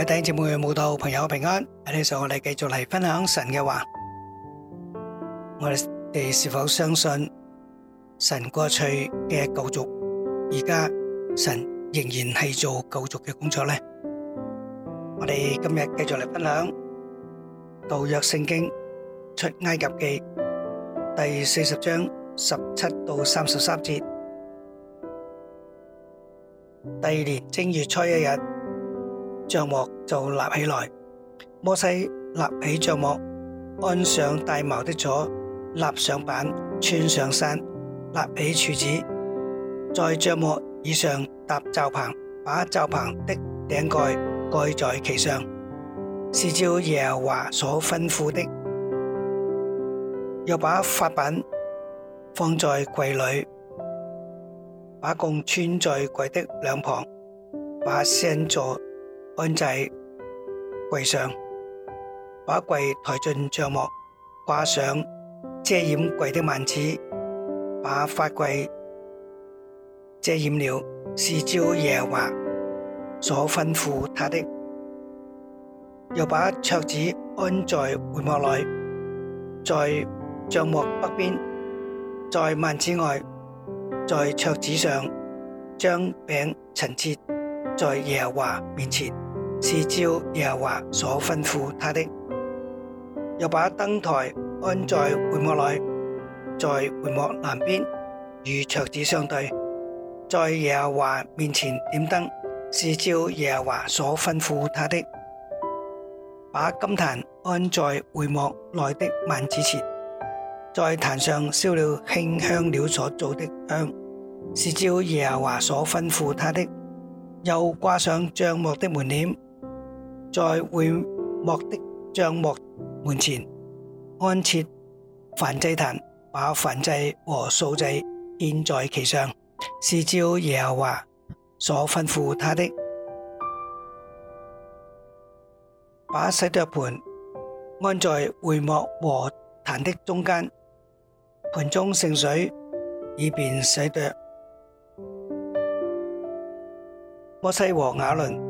喺第一節目嘅慕道，朋友平安。喺呢度，我哋繼續嚟分享神嘅話。我哋是否相信神過去嘅救贖，而家神仍然係做救贖嘅工作咧？我哋今日繼續嚟分享《道約聖經》出埃及記第四十章十七到三十三節。第二年正月初一日，帳幕。就立起來，摩西立起帳幕，安上帶矛的座，立上板，穿上山，立起柱子，在帳幕以上搭罩棚，把罩棚的頂蓋蓋在其上，是照耶和華所吩咐的。又把法版放在櫃裏，把槓穿在櫃的兩旁，把聖座安置。按在櫃上，把櫃抬進帳幕，掛上遮掩櫃的幔子，把法櫃遮掩了。是照耶和華所吩咐他的，又把桌子安在會幕內，在帳幕北邊，在幔子外，在桌子上，將餅陳設在耶和華面前。是照耶和華所吩咐他的，又把燈台安在會幕內，在會幕南邊與桌子相對，在耶和華面前點燈，是照耶和華所吩咐他的。把金壇安在會幕內的幔子前，在壇上燒了馨香料所做的香，是照耶和華所吩咐他的。又掛上帳幕的門簾。在會幕的帳幕門前安設燔祭壇，把燔祭和素祭獻在其上，是照耶和華所吩咐他的。把洗濯盆安在會幕和壇的中間，盆中盛水，以便洗濯。摩西和亞倫。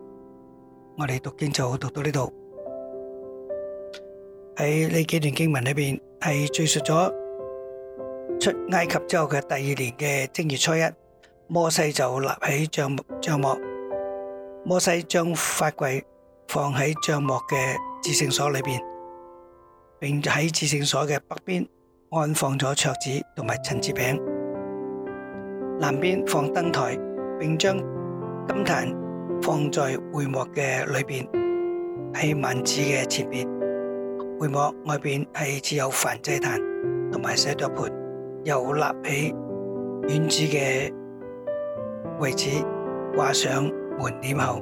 我哋讀經就讀到呢度，喺呢幾段經文裏邊係敘述咗出埃及之後嘅第二年嘅正月初一，摩西就立起帳幕，帳幕，摩西將法櫃放喺帳幕嘅至聖所裏邊，並喺至聖所嘅北邊安放咗桌子同埋陳設餅，南邊放燈臺，並將金壇，放在會幕嘅裏邊，喺幔子嘅前面。會幕外邊係設有燔祭壇同埋洗濯盆，又立起院子嘅位置，掛上門簾後，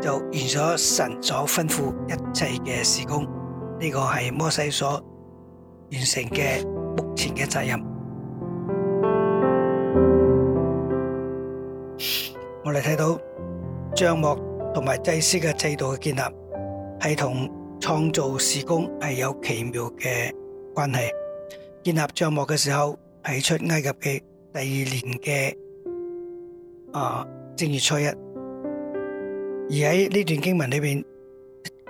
就完咗神所吩咐一切嘅事工。呢個係摩西所完成嘅目前嘅責任。我哋睇到。帳幕同埋祭司嘅制度嘅建立，係同創造時工係有奇妙嘅關係。建立帳幕嘅時候，係出埃及第二年嘅啊正月初一。而喺呢段經文裏邊，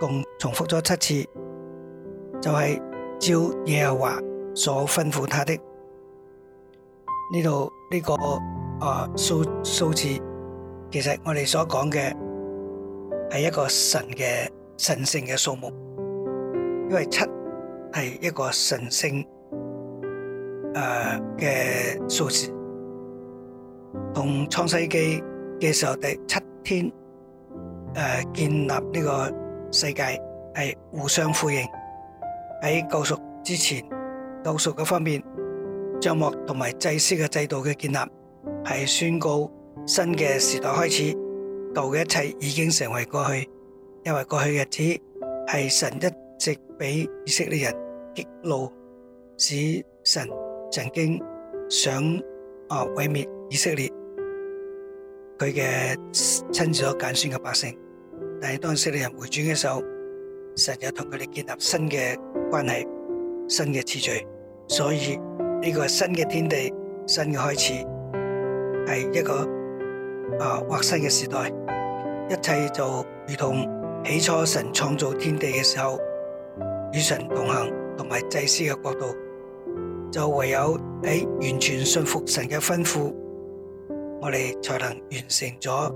共重複咗七次，就係、是、照耶和華所吩咐他的呢度呢個啊數數字。其實我哋所講嘅係一個神嘅神聖嘅數目，因為七係一個神聖誒嘅數字，同創世紀嘅時候第七天誒建立呢個世界係互相呼應。喺救贖之前，救贖嘅方面，帳幕同埋祭司嘅制度嘅建立係宣告。新嘅時代開始，舊嘅一切已經成為過去，因為過去嘅日子係神一直畀以色列人激怒，使神曾經想啊毀滅以色列佢嘅親自所揀選嘅百姓。但係當以色列人回轉嘅時候，神又同佢哋建立新嘅關係、新嘅次序。所以呢個係新嘅天地、新嘅開始，係一個。啊！劃新嘅時代，一切就如同起初神創造天地嘅時候，與神同行同埋祭司嘅角度，就唯有喺完全信服神嘅吩咐，我哋才能完成咗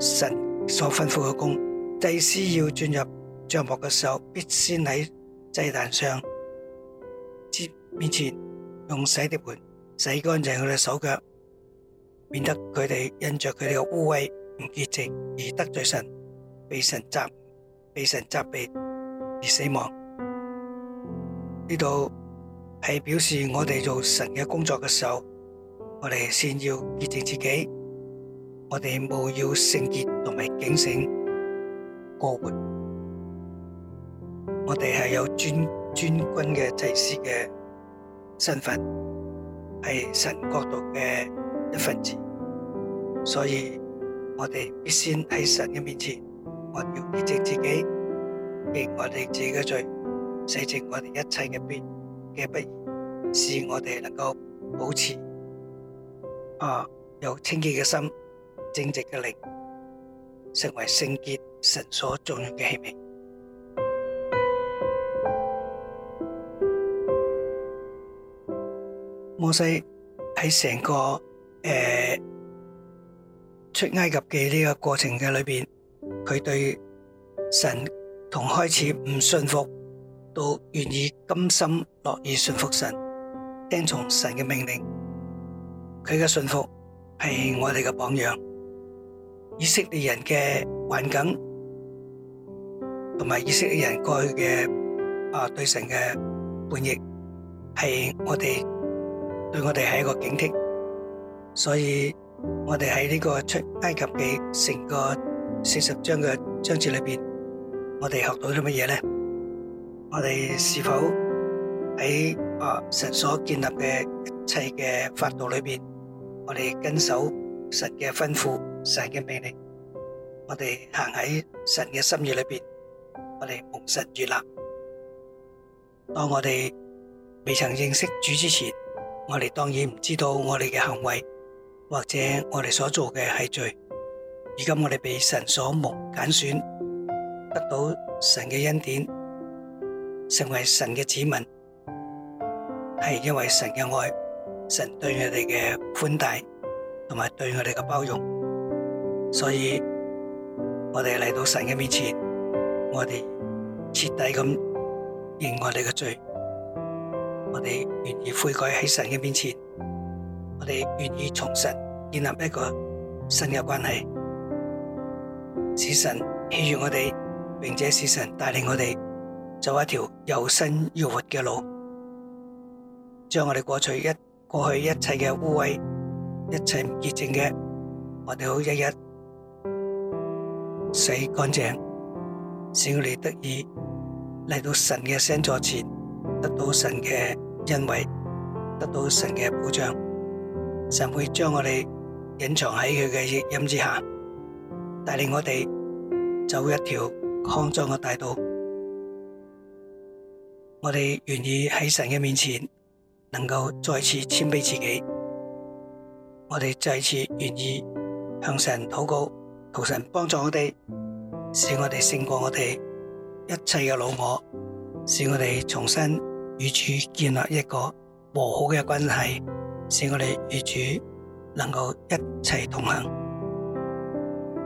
神所吩咐嘅工。祭司要進入帳幕嘅時候，必先喺祭壇上之面前用洗碟盆洗乾淨佢哋手腳。免得佢哋因着佢哋嘅污穢唔潔淨而得罪神，被神責被神責備而死亡。呢度係表示我哋做神嘅工作嘅時候，我哋先要潔淨自己，我哋冇要聖潔同埋警醒過活。我哋係有尊尊君嘅祭司嘅身份，係神國度嘅一份子。所以我哋必須喺神嘅面前，我要潔淨自己，認我哋自己嘅罪，洗淨我哋一切嘅入面嘅不義，使我哋能夠保持啊有清潔嘅心、正直嘅靈，成為聖潔神所重用嘅器皿。摩西喺成個誒。出埃及記呢個過程嘅裏面，佢對神從開始唔信服，到願意甘心樂意信服神，聽從神嘅命令，佢嘅信服係我哋嘅榜樣。以色列人嘅環境同埋以色列人過去嘅啊對神嘅叛逆，係我哋對我哋係一個警惕，所以。我哋喺呢個出埃及記成個四十章嘅章節裏邊，我哋學到啲乜嘢咧？我哋是否喺啊神所建立嘅一切嘅法度裏邊，我哋跟守神嘅吩咐、神嘅命令，我哋行喺神嘅心意裏邊，我哋蒙神悅納。當我哋未曾認識主之前，我哋當然唔知道我哋嘅行為。或者我哋所做嘅係罪，如今我哋被神所目揀選，得到神嘅恩典，成為神嘅子民，係因為神嘅愛，神對我哋嘅寬大，同埋對我哋嘅包容，所以我哋嚟到神嘅面前，我哋徹底咁認我哋嘅罪，我哋願意悔改喺神嘅面前。我哋願意重新建立一個新嘅關係，使神喜悦我哋，並且使神帶領我哋走一條又新又活嘅路，將我哋過去一過去一切嘅污穢、一切唔潔淨嘅，我哋好一一洗乾淨，使我哋得以嚟到神嘅聖座前，得到神嘅恩惠，得到神嘅保障。神會將我哋隱藏喺佢嘅陰蔭之下，帶領我哋走一條康莊嘅大道。我哋願意喺神嘅面前，能夠再次謙卑自己。我哋再次願意向神禱告，求神幫助我哋，使我哋勝過我哋一切嘅老我，使我哋重新與主建立一個和好嘅關係。使我哋與主能夠一齊同行，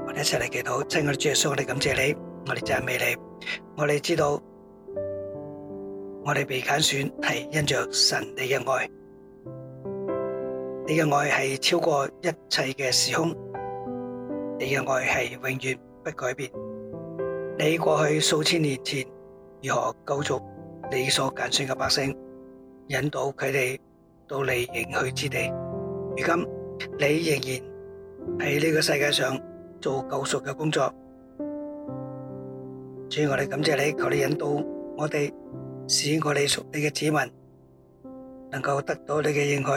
我哋一齊嚟祈禱。親愛的主耶穌，我哋感謝你，我哋讚美你。我哋知道，我哋被揀選係因着神你嘅愛，你嘅愛係超過一切嘅時空，你嘅愛係永遠不改變。你過去數千年前如何救贖你所揀選嘅百姓，引導佢哋。到你應許之地，如今你仍然喺呢個世界上做救贖嘅工作。主，我哋感謝你，求你引導我哋，使我哋屬你嘅子民能夠得到你嘅認可，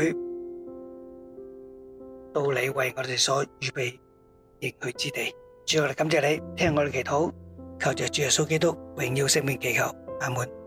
到你為我哋所預備應許之地。主，我哋感謝你，聽我哋祈禱，求着主耶穌基督榮耀聖名祈求，阿門。